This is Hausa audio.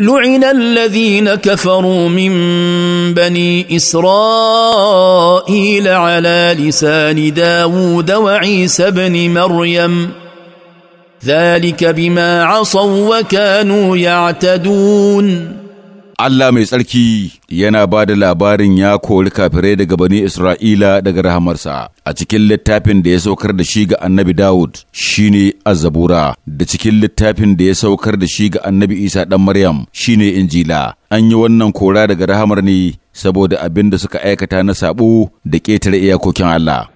لعن الذين كفروا من بني اسرائيل على لسان داود وعيسى بن مريم ذلك بما عصوا وكانوا يعتدون Allah mai tsarki yana ba da labarin ya kori kafirai daga bani Isra'ila daga rahamarsa a cikin littafin da ya saukar da shi ga annabi Dawud shine Azabura, da cikin littafin da ya saukar da shi ga annabi Isa ɗan Maryam shine Injila. An yi wannan kora daga rahamar ne saboda abin da suka aikata na saɓo da ƙetare iyakokin Allah.